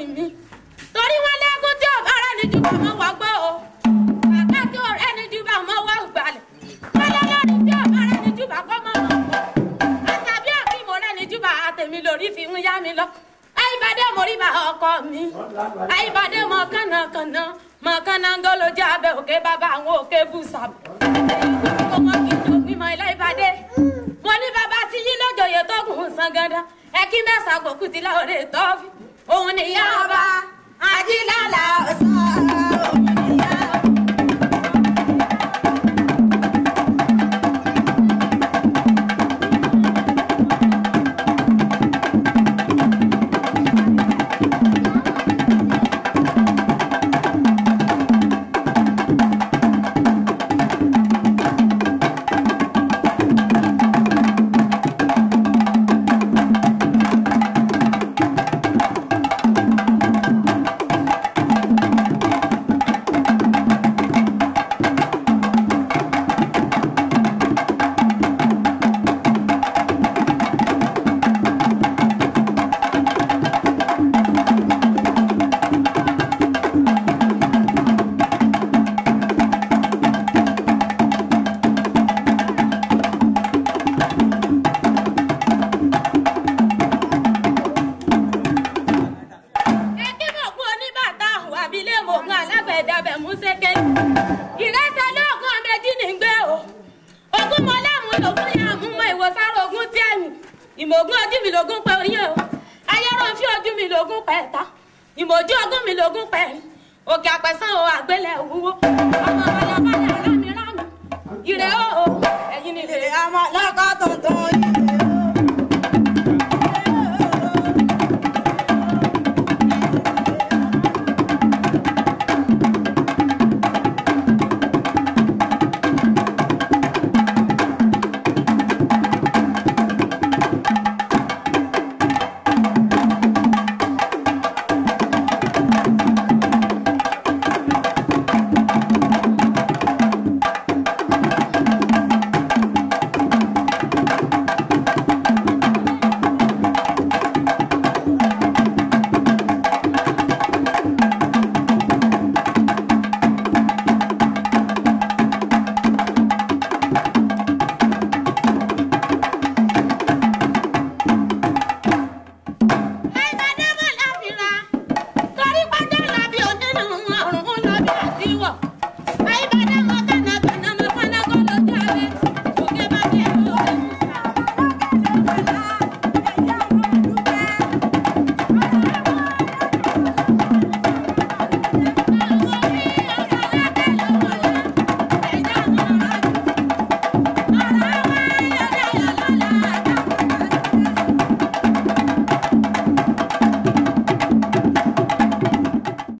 lẹ́yìn mi torí wọn lẹ́gùn tí ọba rẹ̀ ní jùbọ̀ mọ́ wá gbọ́ o bàbá tí ọ̀rẹ́ ní jùbọ̀ mọ́ wá gbalẹ̀ wọn lọ́lọ́rin tí ọba rẹ̀ ní jùbọ̀ kọ́ mọ́ wọn kọ́ àtàbí àfihàn rẹ̀ ní jùbọ̀ àtẹ̀mí lórí fi ń yá mi lọ àyíbádé mọ̀ríbà ọkọ mi àyíbádé mọ̀ kànnàkànnà mọ̀ kànnàngọ́lò jẹ́ abẹ́ òkè bàbá àwọn òkè bùsàbù mo ní bàbá tí yín lọ́jọ́ yẹn tó gùn sàn gandan ẹ kí mẹ́sàn-án kò kùtì láwọn ètò ọ́fíì. on the yaba, I did allow lẹ̀ mú ṣẹ́kẹ́ ìrẹsẹ̀ lóògùn ọ̀bẹ́jì ní gbé o ogún mọ́lẹ́ mú lògùn yà mú mọ́ ìwòsàn ogún tí ẹ̀yìn ojú mi lògùn pẹ̀ oyè o ayẹ́rọ̀ fi ojú mi lògùn pẹ̀ ta ìmọ̀jú ogún mi lògùn pẹ̀ òkè àpẹ̀sán o àgbélẹ̀ òwúwo ọmọ ọ̀rọ̀ yọ bá